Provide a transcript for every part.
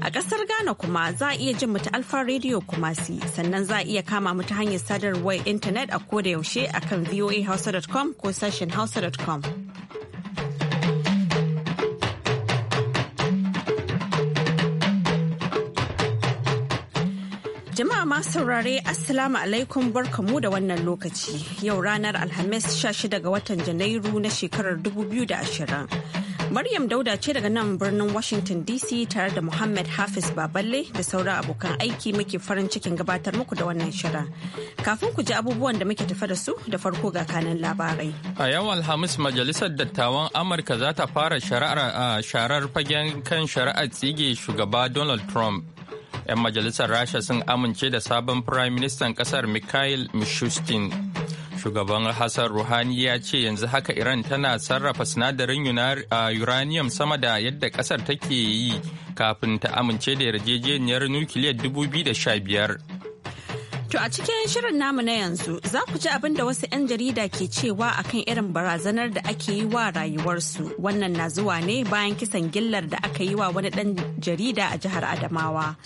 A ƙasar Ghana kuma za a iya jin mu Alfa Radio Kumasi sannan za a iya kama mu hanyar sadarwar intanet a koda yaushe a kan voahouse.com ko sashen hausa.com. Jama'a masu saurare Assalamu alaikum barkamu da wannan lokaci. Yau ranar Alhamis 16 ga watan Janairu na shekarar 2020. Maryam Dauda ce daga nan birnin Washington DC tare da Muhammad Hafiz Baballe da sauran abokan aiki muke farin cikin gabatar muku da wannan shirin. Kafin ku ji abubuwan da muke tafa da su da farko ga kanan labarai. A yau Alhamis Majalisar Dattawan Amurka za ta fara sharar fagen kan shari'ar tsige shugaba Donald Trump. 'Yan majalisar Rasha sun amince da sabon Firayim Ministan ƙasar Mikhail Mishustin Shugaban Hassan Rouhani ya ce yanzu haka Iran tana sarrafa sinadarin uranium sama da yadda kasar take yi kafin ta amince da yarjejeniyar nukiliyar 2015. To a cikin shirin namu na yanzu za ku ji abin da wasu 'yan jarida ke cewa akan irin barazanar da ake yi wa rayuwarsu. Wannan na zuwa ne bayan kisan gillar da aka yi wa wani ɗan jarida a jihar Adamawa.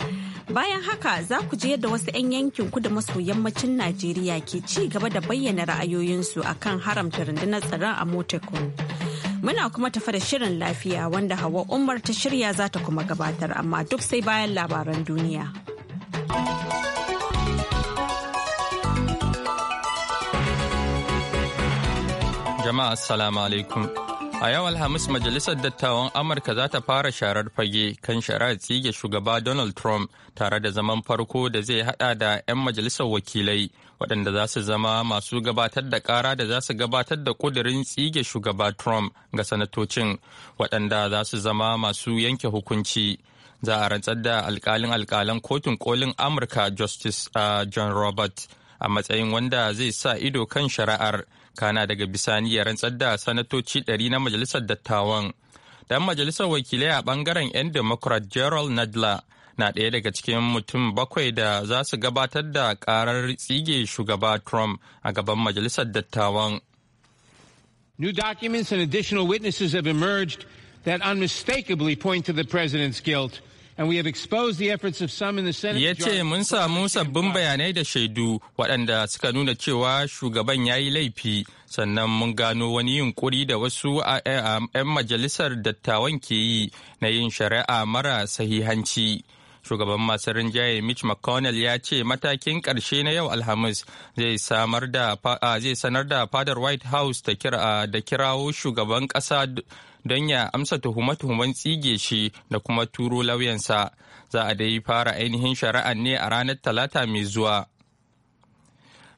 Bayan haka za ku ji yadda wasu 'yan yankin kudu maso yammacin Najeriya ke ci gaba da bayyana ra'ayoyinsu akan haramta rundunar tsaron a Motakun. Muna kuma tafa da shirin lafiya wanda Hawa Umar ta shirya za ta kuma gabatar amma duk sai bayan labaran duniya. Jama'a assalamu alaikum. A yau Alhamis Majalisar Dattawan Amurka za ta fara sharar fage kan shari'ar tsige shugaba Donald Trump tare da zaman farko da zai hada da 'yan majalisar wakilai waɗanda za su zama masu gabatar da ƙara da za su gabatar da ƙudurin tsige shugaba Trump ga sanatocin waɗanda za su zama masu yanke hukunci. Za a rantsar da alkalin alkalin kotun kolin Amurka Justice uh, John Robert a matsayin wanda zai sa ido kan shari'ar. kana daga bisani ya rantsar da sanatoci 100 na majalisar dattawan dan majalisar wakilai a bangaren 'yan democrat gerald nadler na ɗaya daga cikin mutum bakwai da za su gabatar da karar tsige shugaba trump a gaban majalisar dattawan new documents and additional witnesses have emerged that unmistakably point to the president's guilt Ya ce mun samu sabbin bayanai da shaidu waɗanda suka nuna cewa shugaban ya yi laifi sannan mun gano wani yunkuri da wasu a 'yan majalisar dattawan ke yi na yin shari'a mara sahihanci. shugaban masu rinjaye mitch mcconnell ya ce matakin ƙarshe na yau alhamis zai sanar da fadar white house da kirawo shugaban ƙasa don ya amsa tuhume-tuhumen tsige shi da kuma turo lauyansa za a dai fara ainihin shari'ar ne a ranar talata mai zuwa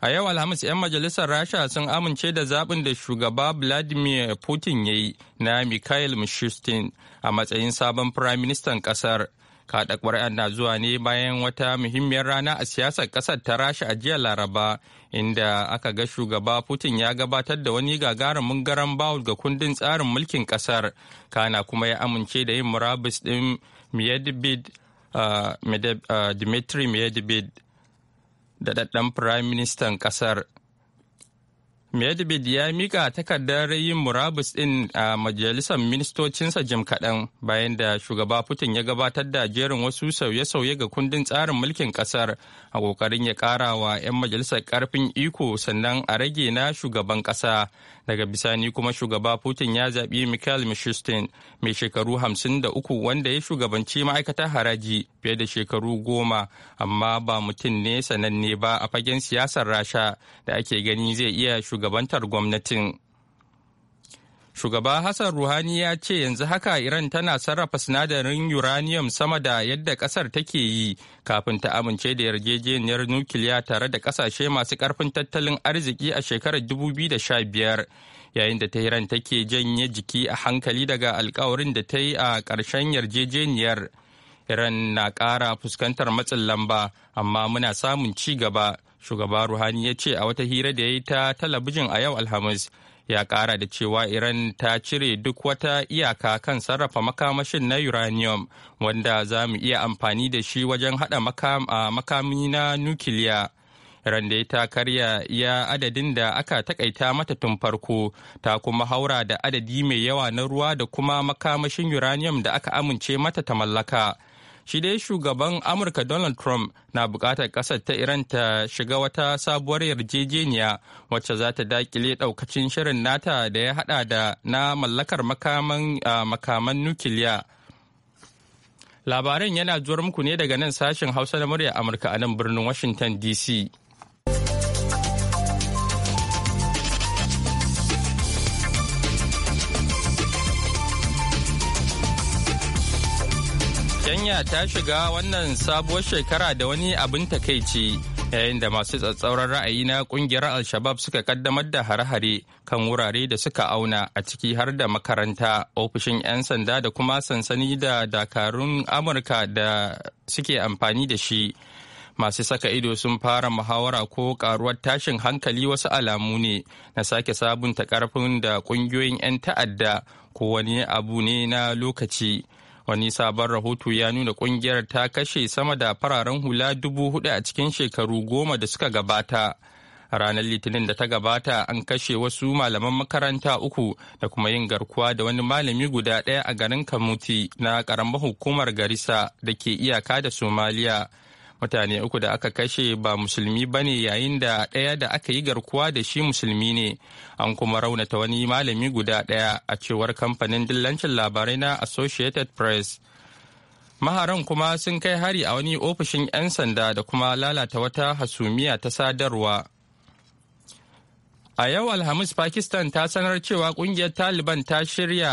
a yau alhamis 'yan majalisar rasha sun amince da zaɓin da shugaba vladimir putin ya yi na mikhail mishustin a matsayin sabon firaministan ƙasar kaɗa zuwa ne bayan wata muhimmiyar rana a siyasar ƙasar ta rasha a jiya laraba inda aka ga shugaba Putin ya gabatar da wani gagarumin garan bawul ga kundin tsarin mulkin kasar, kana kuma ya amince da yin murabus ɗin uh, uh, Dmitry Medvedev da daɗaɗɗen Prime Ministan kasar. Medved ya mika takardar rayin murabus din a majalisar ministocinsa jim kaɗan bayan da shugaba Putin ya gabatar da jerin wasu sauye-sauye ga kundin tsarin mulkin ƙasar a ƙoƙarin ya ƙara wa 'yan majalisar ƙarfin iko sannan a rage na shugaban ƙasa. Daga bisani kuma shugaba Putin ya zaɓi Mikhail Mishustin mai shekaru hamsin da uku wanda ya shugabanci ma'aikatar haraji fiye da shekaru goma amma ba mutum ne sananne ba a fagen siyasar Rasha da ake gani zai iya shuga. shugabantar gwamnatin. Shugaba Hassan Ruhani ya ce yanzu haka Iran tana sarrafa sinadarin uranium sama da yadda kasar take yi kafin ta amince da yarjejeniyar nukiliya tare da kasashe masu karfin tattalin arziki a shekarar 2015 yayin da Tehran take janye jiki a hankali daga alkawarin da ta yi a ƙarshen yarjejeniyar. Iran na ƙara fuskantar matsin lamba amma muna samun ci gaba. shugaba ruhani ya ce a wata hira da ya yi ta talabijin a yau alhamis ya kara da cewa iran ta cire duk wata iyaka kan sarrafa makamashin na uranium wanda za mu iya amfani da shi wajen hada makami na nukiliya iran da ya ta karya ya adadin da aka takaita mata tun farko ta kuma haura da adadi mai yawa na ruwa da kuma makamashin uranium da aka amince mata ta mallaka shi dai shugaban amurka donald trump na bukatar kasar ta iran ta shiga wata sabuwar yarjejeniya wacce za ta dakile daukacin shirin nata da ya hada da na mallakar makaman, nukiliya labaran yana zuwar muku ne daga nan sashen hausa na murya amurka a nan birnin washington dc duniya ta shiga wannan sabuwar shekara da wani abin takaici yayin da masu tsatsauran ra'ayi na kungiyar Al-Shabab suka kaddamar da hare-hare kan wurare da suka auna a ciki har da makaranta, ofishin 'yan sanda da kuma sansani da dakarun Amurka da suke amfani da shi. Masu saka ido sun fara muhawara ko karuwar tashin hankali wasu alamu ne na sake sabunta karfin da kungiyoyin 'yan ta'adda ko wani abu ne na lokaci. Wani sabon rahoto ya nuna kungiyar ta kashe sama da fararen hula dubu hudu a cikin shekaru goma da suka gabata. ranar Litinin da ta gabata an kashe wasu malaman makaranta uku da kuma yin garkuwa da wani malami guda ɗaya a garin Kamuti na ƙaramar hukumar garisa da ke iyaka da Somaliya. mutane uku da aka kashe ba musulmi ba ne yayin da ɗaya da aka yi garkuwa da shi musulmi ne an kuma raunata wani malami guda ɗaya a cewar kamfanin dillancin labarai na associated press maharan kuma sun kai hari a wani ofishin 'yan sanda da kuma lalata wata hasumiya ta sadarwa a yau alhamis pakistan ta sanar cewa kungiyar taliban ta shirya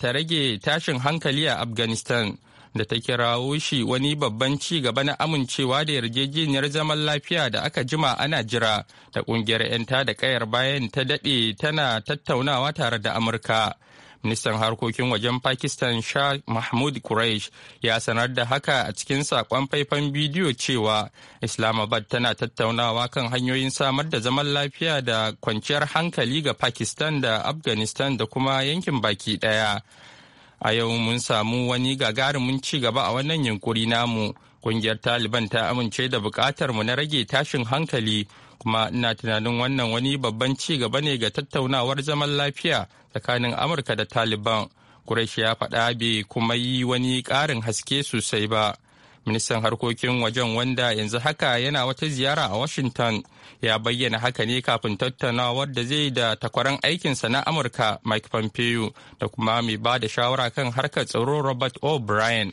ta rage tashin hankali a afghanistan da ta kirawo shi wani babban ci gaba na amincewa da yarjejeniyar zaman lafiya da aka jima ana jira da kungiyar 'yan da kayar bayan ta daɗe tana tattaunawa tare da amurka ministan harkokin wajen pakistan shah mahmud quraish ya sanar da haka a cikin sakon faifan bidiyo cewa islamabad tana tattaunawa kan hanyoyin samar da zaman lafiya da kwanciyar hankali ga pakistan da afghanistan da kuma yankin baki ɗaya. a yau mun samu wani gagarumin ci gaba a wannan yunkuri namu kungiyar taliban ta amince da bukatar mu na rage tashin hankali kuma ina tunanin wannan wani babban ci gaba ne ga tattaunawar zaman lafiya tsakanin amurka da taliban kureshi ya faɗa bai kuma yi wani ƙarin haske sosai ba ministan harkokin wajen wanda yanzu haka yana wata ziyara a washington ya bayyana haka ne kafin tattaunawar da zai da takwaran aikinsa na amurka mike pompeo da kuma mai ba da shawara kan harkar tsaro robert o'brien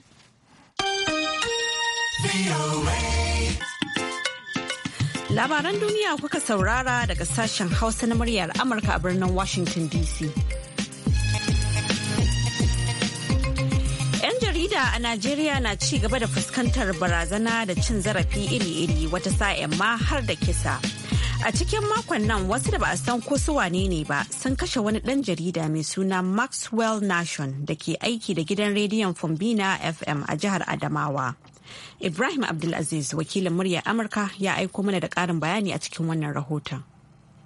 labaran duniya kuka saurara daga sashen hausa na muryar amurka a birnin washington dc 'Yan jarida a Najeriya na ci gaba da fuskantar barazana da cin zarafi iri-iri wata sa'in ma har da kisa. A cikin makon nan wasu da ba a san ko su ne ba sun kashe wani ɗan jarida mai suna Maxwell Nation da ke aiki da gidan rediyon Fumbina FM a jihar Adamawa. Ibrahim Abdulaziz wakilin murya Amurka ya aiko mana da ƙarin bayani a cikin wannan rahoton.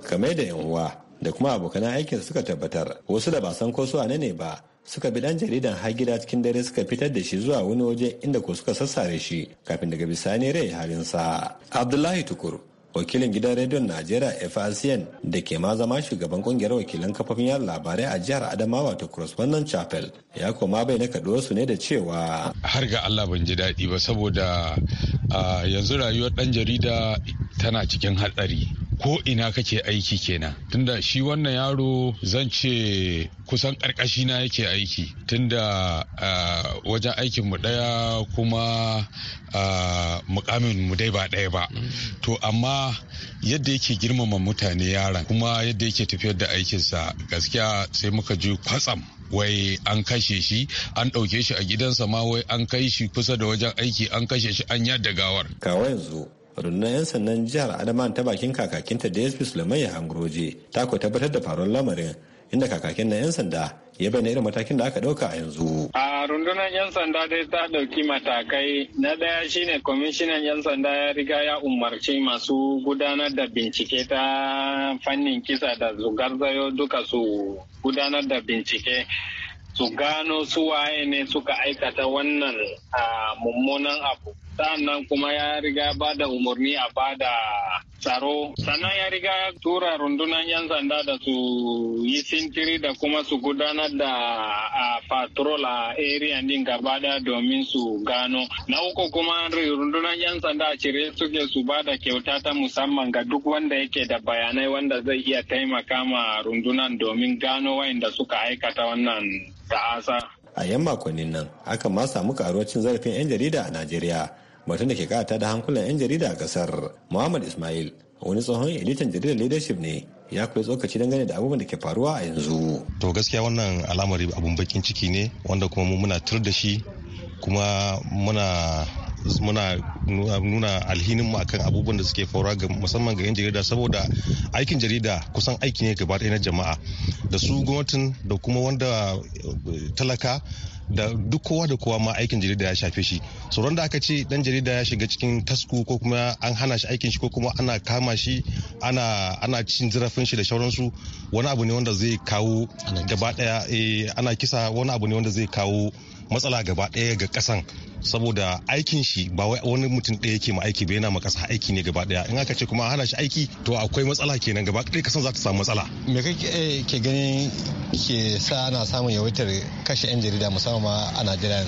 Kamai da 'yan da kuma abokan aikin suka tabbatar wasu da ba san ko su ne ba suka bi dan jaridan har gida cikin dare suka fitar da shi zuwa wani waje inda ko suka sassare shi kafin daga bisani rai sa. abdullahi tukuru. wakilin gidan rediyon najeriya frcn da ke ma zama shugaban kungiyar wakilan kafofin yada labarai a jihar adamawa ta correspondent chapel ya koma bai na su ne da cewa har ga allah ban ji daɗi ba saboda yanzu rayuwar ɗan jarida tana cikin hatsari ko ina kake aiki kenan tunda shi wannan yaro zan ce kusan karkashi na yake aiki tunda wajen aikin mu daya kuma mukamin mu dai ba daya ba mm. to amma yadda yake girmama mutane yaran kuma yadda yake tafiyar da aikinsa gaskiya sai muka ji kwatsam wai an kashe shi an ɗauke shi a gidansa ma wai an kai shi kusa da wajen aiki an kashe shi an yadda gawar kawo yanzu rundunar 'yan sannan jihar adama ta bakin kakakinta dsp ya hangroje ta ko tabbatar da faruwar lamarin inda kakakin na 'yan sanda ya bayyana irin matakin da aka ɗauka a yanzu. A rundunar 'yan sanda dai ta ɗauki matakai na ɗaya shine kwamishinan 'yan sanda ya riga ya umarci masu gudanar da bincike ta fannin kisa da zugar zayo duka su gudanar da bincike. su gano su waye ne suka aikata wannan mummunan abu sannan kuma ya riga ba da umarni a ba da tsaro sannan ya riga tura rundunan 'yan sanda da su yi sintiri da kuma su gudanar da a patrol a area din gaba da domin su gano na uku kuma rundunar 'yan sanda a cire suke su ba da kyauta ta musamman ga duk wanda yake da bayanai wanda zai iya taimaka ma rundunan domin gano wayanda suka aikata wannan ta'asa a yan makonnin nan aka ma samu karuwar cin zarafin 'yan jarida a najeriya batun da ke kata da hankulan 'yan jarida a kasar muhammad ismail wani tsohon editan jaridar leadership ne ya kai tsokaci dangane da abubuwan da ke faruwa a yanzu to gaskiya wannan alamari abun bakin ciki ne wanda kuma mu muna tur da shi kuma muna muna nuna alhininmu akan abubuwan da suke faruwa ga musamman ga 'yan jarida saboda aikin jarida kusan aiki ne gaba ɗaya na jama'a da su gwamnatin da kuma wanda eh, talaka da duk kowa da kowa ma aikin jarida ya shafe shi tsoron da aka ce dan jarida ya shiga cikin tasku ko kuma an hana shi aikin shi ko kuma ana kama shi ana ana cin zarafin shi da sauransu wani abu ne wanda zai kawo gaba daya eh, ana kisa wani abu ne wanda zai kawo matsala gaba daya ga kasan saboda aikin shi ba wani mutum ɗaya yake ma aiki ba yana ma ƙasa aiki ne gaba ɗaya in aka ce kuma hana shi aiki to akwai matsala kenan gaba ɗaya kasan za ta samu matsala me kake eh, ke ganin ke sa ana samun yawaitar kashe 'yan jarida musamman ma a najeriya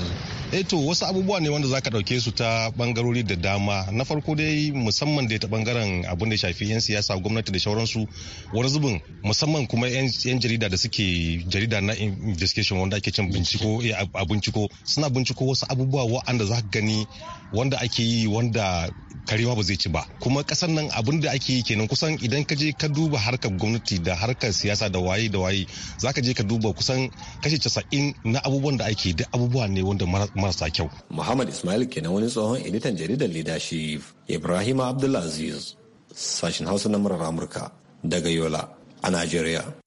eh to wasu abubuwa ne wanda zaka dauke su ta bangarori da dama na farko dai musamman da ta bangaren abin da shafi yan siyasa gwamnati da shauransu wani zubin musamman kuma yan jarida da suke jarida na investigation wanda ake cin binciko eh, a binciko suna binciko wasu abubuwa wa'anda za ka gani wanda ake yi wanda karewa ba zai ci ba kuma kasan nan abin da ake yi kenan kusan idan ka je ka duba harkar gwamnati da harkar siyasa da waye da waye za ka je ka duba kusan kashi casa'in na abubuwan da ake duk abubuwa ne wanda marasa kyau. Muhammad Ismail kenan wani tsohon editan jaridar leadership Ibrahim Abdulaziz sashen Hausa na murar Amurka daga Yola a nigeria.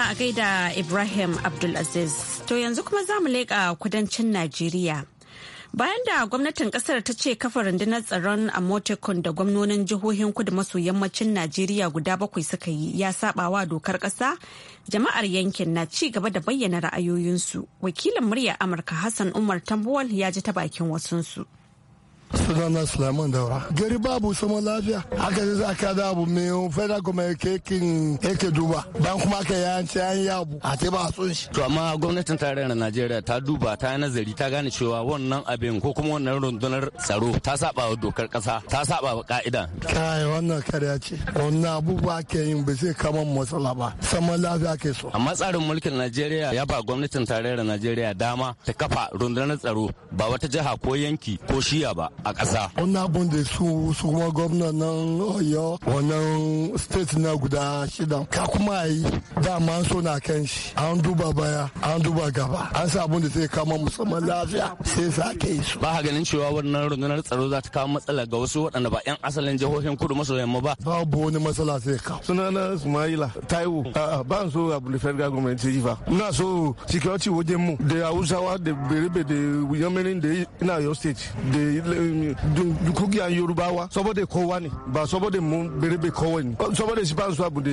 madalla a gaida Ibrahim Abdulaziz. To yanzu kuma za mu leƙa kudancin Najeriya. Bayan da gwamnatin kasar ta ce kafa rundunar tsaron a Amotekun da gwamnonin jihohin kudu maso yammacin Najeriya guda bakwai suka yi ya wa dokar kasa, jama'ar yankin na ci gaba da bayyana ra'ayoyinsu. Wakilin murya Amurka Hassan Umar Tambuwal ya ji ta bakin wasunsu. sunana Sulaiman Daura. Gari babu sama lafiya. Aka ce aka da abu mai federal government kekin yake duba. Bayan kuma aka yanci an yi abu a ce ba sun shi. To amma gwamnatin tarayyar Najeriya ta duba ta nazari ta gane cewa wannan abin ko kuma wannan rundunar tsaro ta saba wa dokar kasa ta saba wa ka'ida. Kai wannan karya ce. Wannan abubuwa ke yin ba zai kama matsala ba. Sama lafiya ke so. Amma tsarin mulkin Najeriya ya ba gwamnatin tarayyar Najeriya dama ta kafa rundunar tsaro ba wata jiha ko yanki ko shiya ba. a ƙasa. Wani abun da su su kuma gwamnan nan Oyo wannan state na guda shida ka kuma yi dama so na kan shi an duba baya an duba gaba an sa abun da zai kama musamman lafiya sai sa ke su. Ba ka ganin cewa wannan rundunar tsaro za ta kawo matsala ga wasu waɗanda ba 'yan asalin jihohin kudu maso yamma ba. Babu wani matsala sai ka. Sunana Sumaila Taiwo ba n so abu da federal government yi fa. Ina so security wajen mu da Hausawa da Berebe da Yamirin da Ina Oyo state da kungiyar yorubawa saboda kowa ne ba saboda mu berebe kowa ne saboda shi su abu da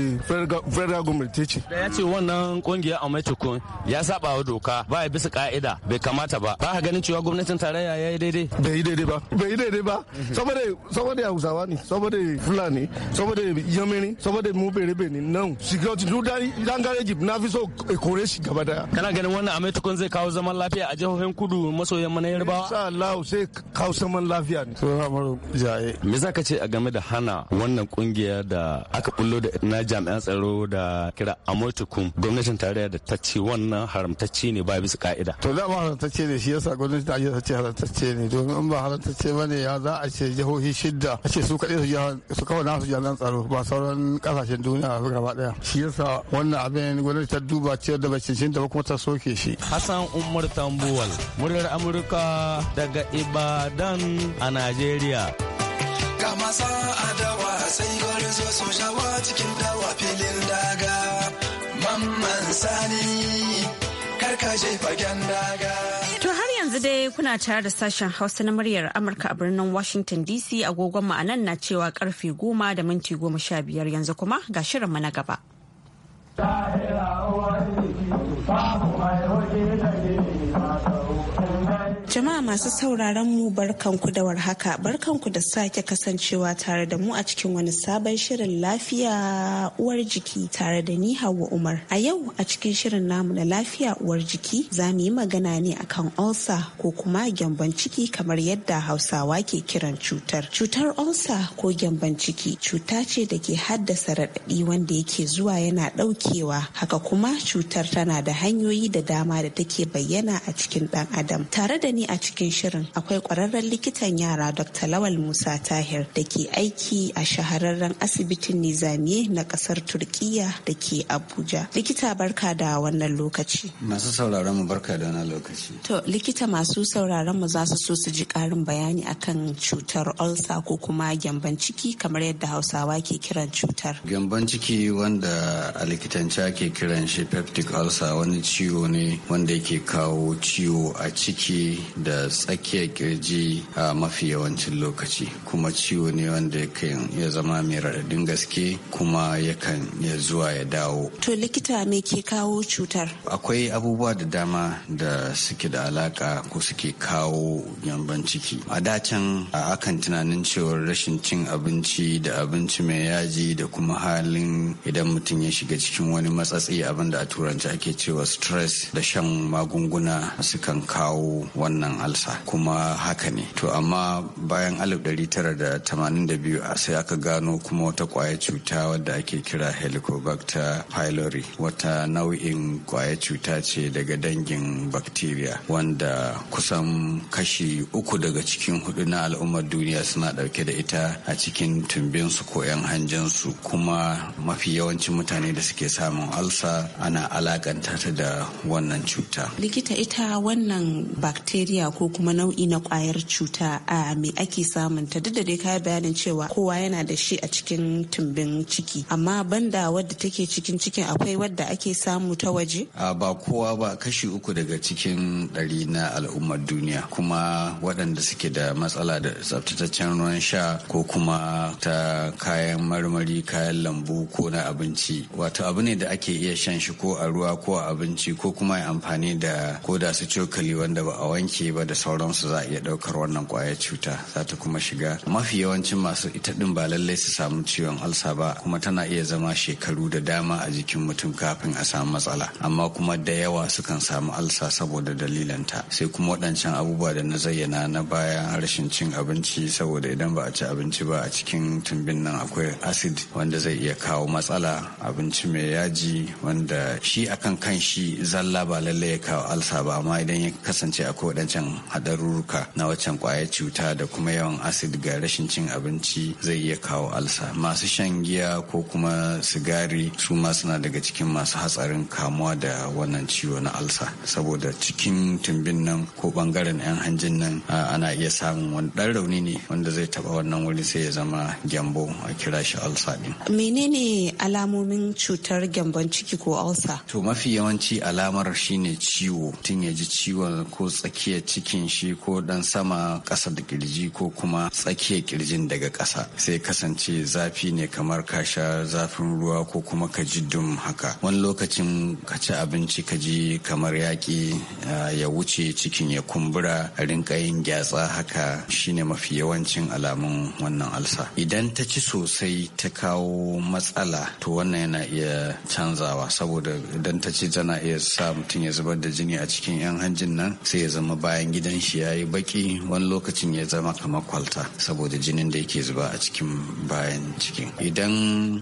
federal government ta ci. da ya ce wannan kungiyar amaitukun ya saba wa doka ba ya bisa ka'ida bai kamata ba ba ganin cewa gwamnatin tarayya ya yi daidai bai yi daidai ba bai yi daidai ba saboda saboda hausawa ne saboda fulani saboda yamini saboda mun berebe ni nan security duk dan gareji na fi so kore si gaba daya kana ganin wannan amaitukun zai kawo zaman lafiya a jihohin kudu maso yamma na yarbawa insha Allah sai kawo zaman lafiya ne so amaru jaye me zaka ce a game da hana wannan kungiya da aka bullo da na jami'an tsaro da kira amurtukum gwamnatin tarayya da ta ce wannan haramtacce ne ba bisa ka'ida to da ma haramtacce ne shi yasa gwamnatin tarayya ta ce haramtacce ne domin in ba haramtacce bane ya za a ce jihohi shidda a ce su kaɗai su kawai nasu jami'an tsaro ba sauran kasashen duniya gaba daya shi yasa wannan abin gwamnati ta duba ce da bai cancanta kuma ta soke shi hassan umar tambuwal muryar amurka daga ibadan a Najeriya. Ga masa adawa sai gwarzo sojawa cikin dawa filin daga. Mamman sani karkashe fagen daga. To har yanzu dai kuna tare da sashen Hausa na muryar Amurka a birnin Washington DC agogon ma'anan na cewa karfe goma da minti goma sha biyar yanzu kuma ga shirinmu na gaba. Jama'a masu sauraron mu barkanku da warhaka barkanku da sake kasancewa tare da mu a cikin wani sabon shirin lafiya uwar jiki tare da ni Hauwa Umar. A yau a cikin shirin namu na lafiya uwar jiki za mu yi magana ne akan olsa ko kuma Gyambon ciki kamar yadda Hausawa ke kiran cutar. Cutar olsa ko Gyambon ciki cuta ce da ke haddasa raɗaɗi wanda yake zuwa yana ɗaukewa haka kuma cutar tana da hanyoyi da dama da take bayyana a cikin ɗan adam. Tare da ni a cikin shirin akwai kwararren likitan yara Dr. Lawal Musa Tahir da ke aiki a shahararren asibitin Nizamiye na kasar Turkiya da ke Abuja. Likita barka da wannan lokaci. Masu sauraron mu barka da wannan lokaci. To likita masu sauraron mu za su so su ji karin bayani akan cutar ulcer ko kuma gyamban ciki kamar yadda Hausawa ke kiran cutar. Gyamban ciki wanda a likitance ake kiran shi peptic ulcer wani ciwo ne wanda yake kawo ciwo a ciki da tsakiyar kirji a mafi yawancin lokaci kuma ciwo ne wanda yakan ya zama mai raɗaɗin gaske kuma yakan ya zuwa ya dawo to likita me ke kawo cutar akwai abubuwa da dama da suke da alaka ko suke kawo yamban ciki a a akan tunanin cewar rashin cin abinci da abinci mai yaji da kuma halin idan mutum ya shiga cikin wani matsatsi abin da a turanci ake cewa stress da shan magunguna sukan kawo wannan wannan alsa kuma haka ne to amma bayan 1982 sai aka gano kuma wata kwaya cuta wadda ake kira helicobacter pylori wata nau'in kwaya cuta ce daga dangin bacteria wanda kusan kashi uku daga cikin hudu na al'ummar duniya suna dauke da ita a cikin tumbinsu ko 'yan hanjinsu kuma mafi yawancin mutane da suke samun alsa ana alakanta ta da wannan cuta likita ita wannan bacteria malaria ko kuma nau'i na kwayar cuta a me ake samun ta duk da dai kayan bayanin cewa kowa yana da shi a cikin tumbin ciki amma banda wadda take cikin cikin akwai wadda ake samu ta waje a ba kowa ba kashi uku daga cikin ɗari na al'ummar duniya kuma waɗanda suke da matsala da tsabtataccen ruwan sha ko kuma ta kayan marmari kayan lambu ko na abinci wato abu ne da ake iya shan shi ko a ruwa ko a abinci ko kuma amfani da ko da su cokali wanda ba a wanke ke ba da sauransu za a iya ɗaukar wannan kwayar cuta za ta kuma shiga mafi yawancin masu ita ɗin ba lallai su samu ciwon alsa ba kuma tana iya zama shekaru da dama a jikin mutum kafin a samu matsala amma kuma da yawa sukan samu alsa saboda dalilan ta sai kuma waɗancan abubuwa da na zayyana na baya rashin cin abinci saboda idan ba a ci abinci ba a cikin tumbin nan akwai acid wanda zai iya kawo matsala abinci mai yaji wanda shi akan kan shi zalla ba lallai ya kawo alsa ba amma idan ya kasance akwai waɗancan haɗarurruka na waccan kwaya cuta da kuma yawan acid ga rashin cin abinci zai iya kawo alsa masu shan giya ko kuma sigari su ma suna daga cikin masu hatsarin kamuwa da wannan ciwo na alsa saboda cikin tumbin nan ko bangaren 'yan hanjin nan ana iya samun wani ɗan rauni ne wanda zai taba wannan wuri sai ya zama gyambo a kira shi alsa din menene alamomin cutar gyambon ciki ko alsa to mafi yawanci alamar shine ciwo tun ya ji ciwon ko tsakiya. iya cikin shi ko dan sama ƙasa da kirji ko kuma tsakiyar kirjin daga ƙasa sai kasance zafi ne kamar ka sha zafin ruwa ko kuma ka ji dum haka wani lokacin ka ci abinci ka ji kamar yaki ya wuce cikin ya kumbura a rinka yin gyatsa haka shine mafi yawancin alamun wannan alsa idan ta ci sosai ta kawo matsala to wannan yana iya canzawa saboda idan ta ci tana iya sa mutum ya zubar da jini a cikin yan hanjin nan sai ya zama bayan gidan shi ya yi baki wani lokacin ya zama kamar kwalta saboda jinin da yake zuba a cikin bayan cikin idan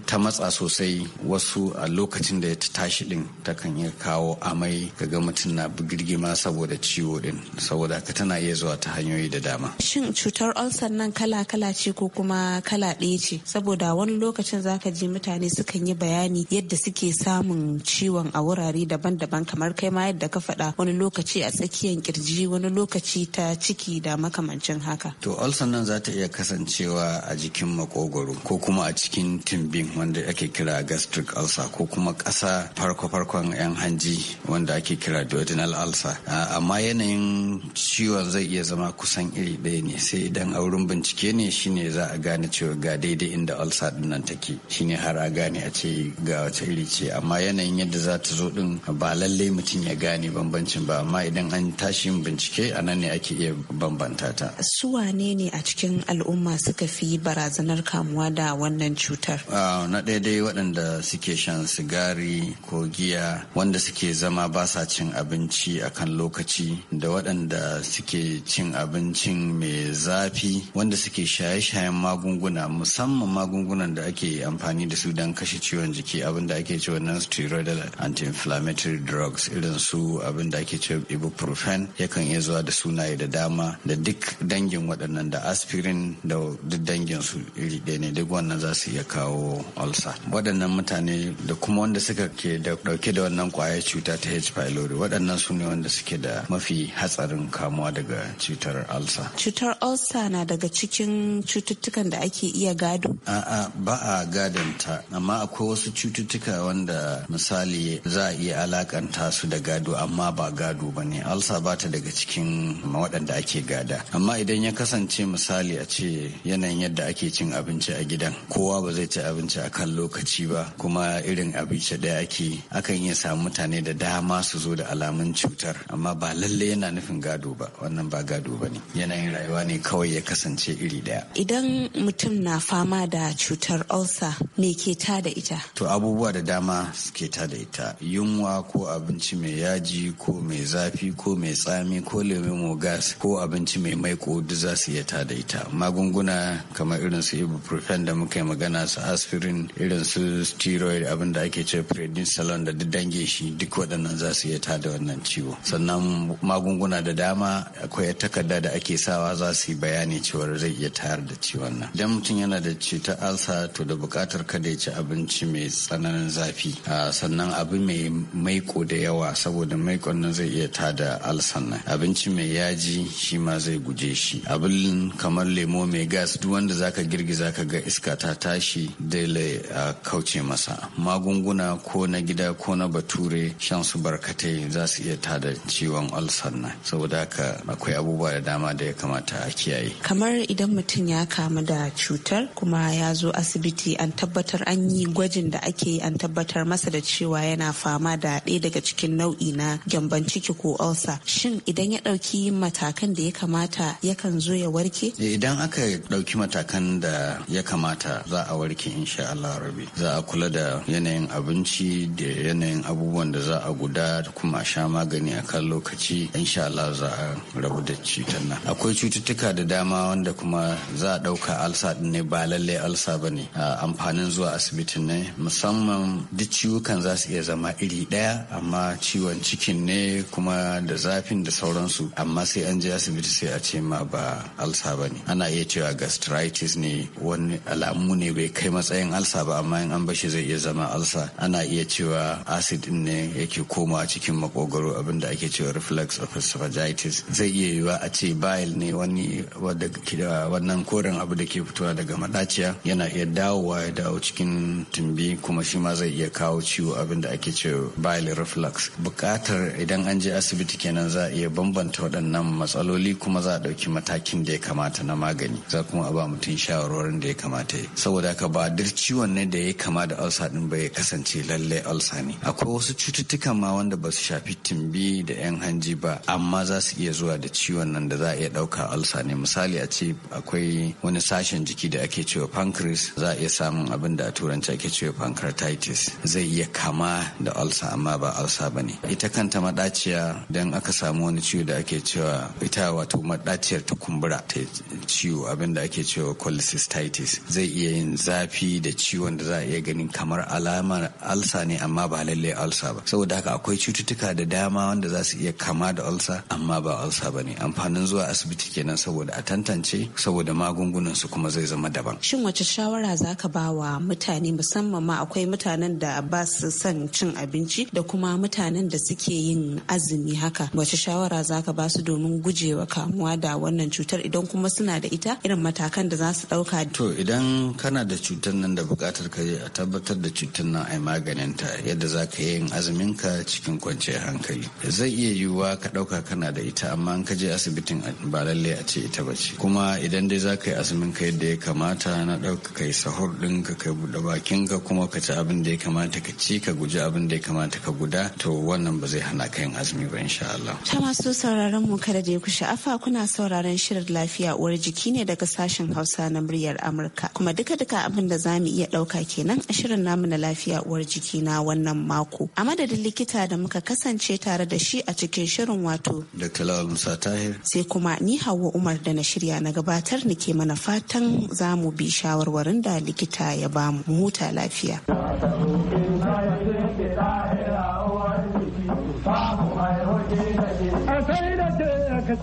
ta matsa sosai wasu a lokacin da ta tashi din takan iya kawo amai kaga mutum na girgima saboda ciwo din saboda ka tana iya zuwa ta hanyoyi da dama shin cutar ulcer nan kala kala ce ko kuma kala ɗaya ce saboda wani lokacin zaka ji mutane sukan yi bayani yadda suke samun ciwon a wurare daban-daban kamar kai ma yadda ka faɗa wani lokaci a tsakiyar kirji wani lokaci ta ciki da makamancin haka. To ulcer nan za ta iya kasancewa a jikin makogwaro ko kuma a cikin timbin wanda ake kira gastric ulcer ko kuma ƙasa farko-farkon 'yan hanji wanda ake kira duodenal ulcer. Amma yanayin ciwon zai iya zama kusan iri ɗaya ne sai idan a wurin bincike ne shine za a gane cewa ga daidai inda ulcer din nan take shine har a gane a ce ga wace iri ce amma yanayin yadda za ta zo din ba lallai mutum ya gane bambancin ba amma idan an tashi bincike bincike a nan ne ake iya bambanta ta su wane ne a cikin al'umma suka fi barazanar kamuwa da wannan cutar ah, na ɗaya dai waɗanda suke shan sigari ko giya wanda suke zama ba sa cin abinci a kan lokaci da waɗanda suke cin abincin mai zafi wanda suke shaye-shayen magunguna musamman magungunan da ake amfani da su don kashe ciwon jiki abin da ake ce wannan steroidal anti-inflammatory drugs irin su da ake ce ibuprofen yakan ya zuwa da sunaye da dama da duk dangin waɗannan da aspirin da duk dangin su iri ɗaya ne duk wannan za su iya kawo ulcer waɗannan mutane da kuma wanda suka ke da ɗauke da wannan ƙwayar cuta ta h pylori waɗannan su ne wanda suke da mafi hatsarin kamuwa daga cutar ulcer cutar ulcer na daga cikin cututtukan da ake iya gado a'a ba a ta amma akwai wasu cututtuka wanda misali za a iya alakanta su da gado amma ba gado ba ne ulcer ba ta daga cikin cikin waɗanda ake gada amma idan ya kasance misali a ce yanayin yadda ake cin abinci a gidan kowa ba zai ci abinci a kan lokaci ba kuma irin abinci ɗaya ake akan iya samu mutane da dama su zo da alamun cutar amma ba lalle yana nufin gado ba wannan ba gado ba ne yanayin rayuwa ne kawai ya kasance iri daya. idan mutum na fama da cutar ulcer me ke ta da ita to abubuwa da dama suke ta da ita yunwa ko abinci mai yaji ko mai zafi ko mai tsami ko lemun gas ko abinci mai maiko duk za su iya tada ita magunguna kamar irin su ibuprofen da muka yi magana su aspirin irin su steroid abin da ake ce prednisolone da duk dange shi duk waɗannan za su iya tada wannan ciwo sannan magunguna da dama akwai takarda da ake sawa za su yi bayani cewa zai iya tayar da ciwon nan idan mutum yana da ta alsa to da buƙatar kada ya ci abinci mai tsananin zafi ah, sannan abu mai maiko da yawa saboda maikon nan zai iya tada alsan nan abinci mai yaji shi ma zai guje shi abin kamar lemo mai gas duk wanda zaka girgiza ka ga iska ta tashi dole a kauce masa magunguna ko na gida ko na bature shan su barkatai za su iya tada ciwon ulcer na saboda haka akwai abubuwa da dama da ya kamata a kiyaye kamar idan mutum ya kamu da cutar kuma ya zo asibiti an tabbatar an yi gwajin da ake an tabbatar masa da cewa yana fama da ɗaya daga cikin nau'i na gyamban ciki ko ulcer shin idan idan ya ɗauki matakan da ya kamata yakan zo ya warke? Eh, idan aka ɗauki matakan da ya kamata za a warke insha Allah rabi. Za a kula da yanayin abinci da yanayin abubuwan da za a guda da kuma a sha magani a kan lokaci insha Allah za a rabu da cutar nan. Akwai cututtuka da dama wanda kuma za a ɗauka alsa ɗin ne ba lalle alsa ba ne. Amfanin zuwa asibitin ne musamman duk ciwukan za su iya zama iri ɗaya amma ciwon cikin ne kuma da zafin da sauran sauransu amma sai an je asibiti sai a ce ma ba alsa ba ne ana iya cewa gastritis ne wani alamu ne bai kai matsayin alsa ba amma in an bashi zai iya zama alsa ana iya cewa acid din ne yake komawa cikin makogaro abin da ake cewa reflux of esophagitis zai iya yiwa a ce bile ne wani wannan koren abu da ke fitowa daga madaciya yana iya dawowa ya dawo cikin tumbi kuma shi ma zai iya kawo ciwo abin da ake cewa bile reflux bukatar idan an je asibiti kenan za a iya bambanta waɗannan matsaloli kuma za a ɗauki matakin da ya kamata na magani za kuma a ba mutum shawarwarin da ya kamata yi saboda haka ba duk ciwon ne da ya kama da alsa din ba ya kasance lallai alsa ne akwai wasu cututtukan ma wanda ba su shafi timbi da yan hanji ba amma za su iya zuwa da ciwon nan da za a iya ɗauka alsa ne misali a ce akwai wani sashen jiki da ake cewa pancreas za a iya samun abin da a turanci ake cewa pancreatitis zai iya kama da alsa amma ba alsa ba ne ita kanta maɗaciya idan aka samu wani ciwon ciwo da ake cewa ita wato maɗaciyar ta kumbura ta ciwo abin da ake cewa cholecystitis zai iya yin zafi da ciwon da za a iya ganin kamar alamar alsa ne amma ba lallai alsa ba saboda haka akwai cututtuka da dama wanda za su iya kama da alsa amma ba alsa ba ne amfanin zuwa asibiti kenan saboda a tantance saboda magungunan su kuma zai zama daban shin wace shawara za ka ba wa mutane musamman ma akwai mutanen da ba su son cin abinci da kuma mutanen da suke yin azumi haka wace shawara za ka ba su domin gujewa kamuwa da wannan cutar idan kuma suna da ita irin matakan da za su ɗauka. To idan kana da cutar nan da bukatar ka a tabbatar da cutar nan ai maganin ta yadda za ka yi azumin ka cikin kwanciyar hankali. Zai iya yiwuwa ka ɗauka kana da ita amma in ka je asibitin ba lalle a ce ita ba Kuma idan dai za ka yi azumin ka yadda ya kamata na ɗauka kai sahur ɗin ka kai buɗe bakin ka kuma ka ci abin da ya kamata ka ci ka guji abin da ya kamata ka guda to wannan ba zai hana ka yin azumi ba insha Allah. Ta sauraron mu kada da ku sha'afa kuna sauraron shirin lafiya uwar jiki ne daga sashen Hausa na muryar Amurka. Kuma duka-duka abin da za mu iya ɗauka kenan a shirin namu na lafiya uwar jiki na wannan mako. A madadin likita da muka kasance tare da shi a cikin shirin wato. Da kalawar Musa Tahir. Sai kuma ni Hauwa Umar da na shirya na gabatar ni ke mana fatan za mu bi shawarwarin da likita ya bamu. Mu huta lafiya.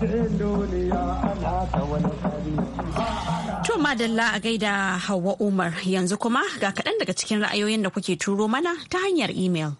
To madalla a gaida Hauwa Umar yanzu kuma ga kaɗan daga cikin ra'ayoyin da kuke turo mana ta hanyar email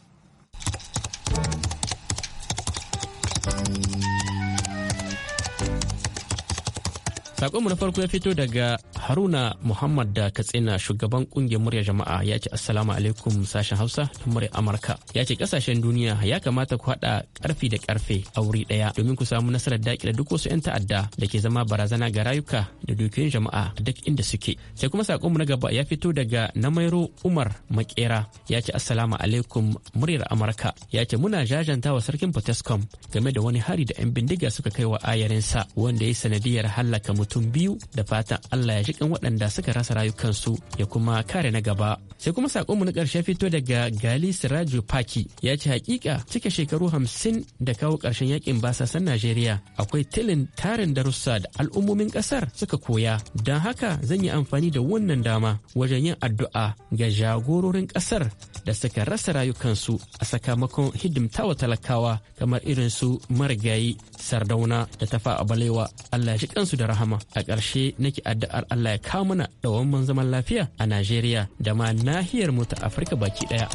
Sakonmu na farko ya fito daga Haruna Muhammad da Katsina shugaban kungiyar murya jama'a ya ce Assalamu alaikum sashen Hausa ta murya Amurka. Ya ce kasashen duniya ya kamata ku haɗa ƙarfi da ƙarfe a wuri ɗaya domin ku samu nasarar daƙile duk wasu 'yan ta'adda da ke zama barazana ga rayuka da dukiyoyin jama'a duk inda suke. Sai kuma sakonmu na gaba ya fito daga Namairo Umar Makera ya ce Assalamu alaikum muryar Amurka. Ya ce muna jajanta wa sarkin Potescom game da wani hari da 'yan bindiga suka kai wa ayarinsa wanda ya yi sanadiyar hallaka mutum mutum biyu da fatan Allah ya kan waɗanda suka rasa rayukansu ya kuma kare na gaba. Sai kuma mu na ƙarshe fito daga Gali Siraju Paki ya ce hakika cike shekaru hamsin da kawo ƙarshen yakin basasan Najeriya akwai tilin tarin darussa da al'ummomin ƙasar suka koya. Don haka zan yi amfani da wannan dama wajen yin addu'a ga jagororin ƙasar da suka rasa rayukansu a sakamakon hidimtawa talakawa kamar irin su marigayi sardauna da tafa a balewa Allah ya ji kansu da rahama. a ƙarshe nake addu'ar Allah ya kawo mana dawamman zaman lafiya a Najeriya da ma nahiyar mu ta Afirka baki ɗaya.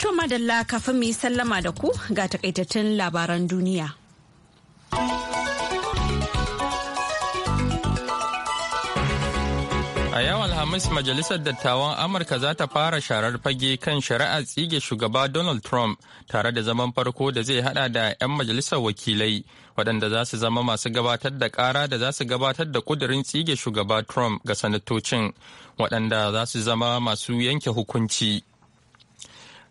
To madalla kafin mu yi sallama da ku ga takaitattun labaran duniya. yau Alhamis Majalisar Dattawan Amurka za ta fara sharar fage kan shari'a tsige shugaba Donald Trump tare da zaman farko da zai hada da 'yan majalisar wakilai waɗanda za su zama masu gabatar da ƙara da za su gabatar da ƙudurin tsige shugaba Trump ga sanatocin waɗanda za su zama masu yanke hukunci.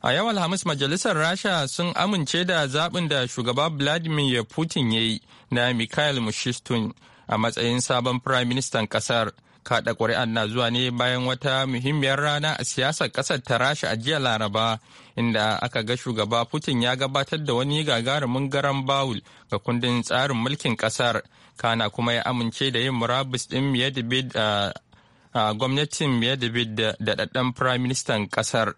A yau Alhamis Majalisar Rasha sun amince da zaɓin da shugaba Vladimir Putin ya yi na Mikhail mushistun a matsayin sabon Firayim Ministan ƙasar. Kaɗa ƙuri'an na zuwa ne bayan wata muhimmiyar rana a siyasar ƙasar ta rasha a jiya Laraba, inda aka ga shugaba Putin ya gabatar da wani gagarumin garan bawul ga kundin tsarin mulkin ƙasar, kana kuma ya amince da yin murabus ɗin miyadibid a gwamnatin miyadibid da daɗaɗɗen firaministan ƙasar.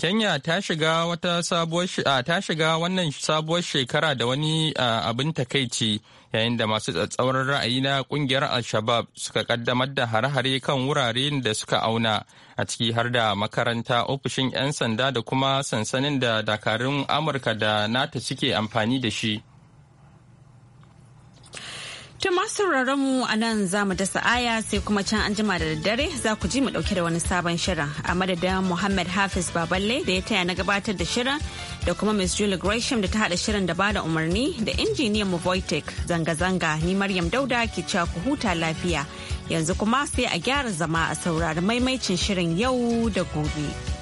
Kenya ta shiga wata sabuwar ta shiga wannan sabuwar shekara da wani abin takaici yayin da masu tsatsauran ra'ayi na kungiyar Al-Shabab suka kaddamar da hare-hare kan wuraren da suka auna a ciki har da makaranta ofishin 'yan sanda da kuma sansanin da dakarun Amurka da nata suke amfani da shi. To masu mu a nan za mu dasa aya sai kuma can an jima da daddare za ku ji mu dauke da wani sabon shirin a madadin Muhammad Hafiz Baballe da ya taya na gabatar da shirin da kuma Miss Julie Gresham da ta hada shirin da bada umarni da injiniyan mu Voitech zanga-zanga ni Maryam Dauda ke cewa ku huta lafiya yanzu kuma sai a gyara zama a saurari maimaicin shirin yau da gobe.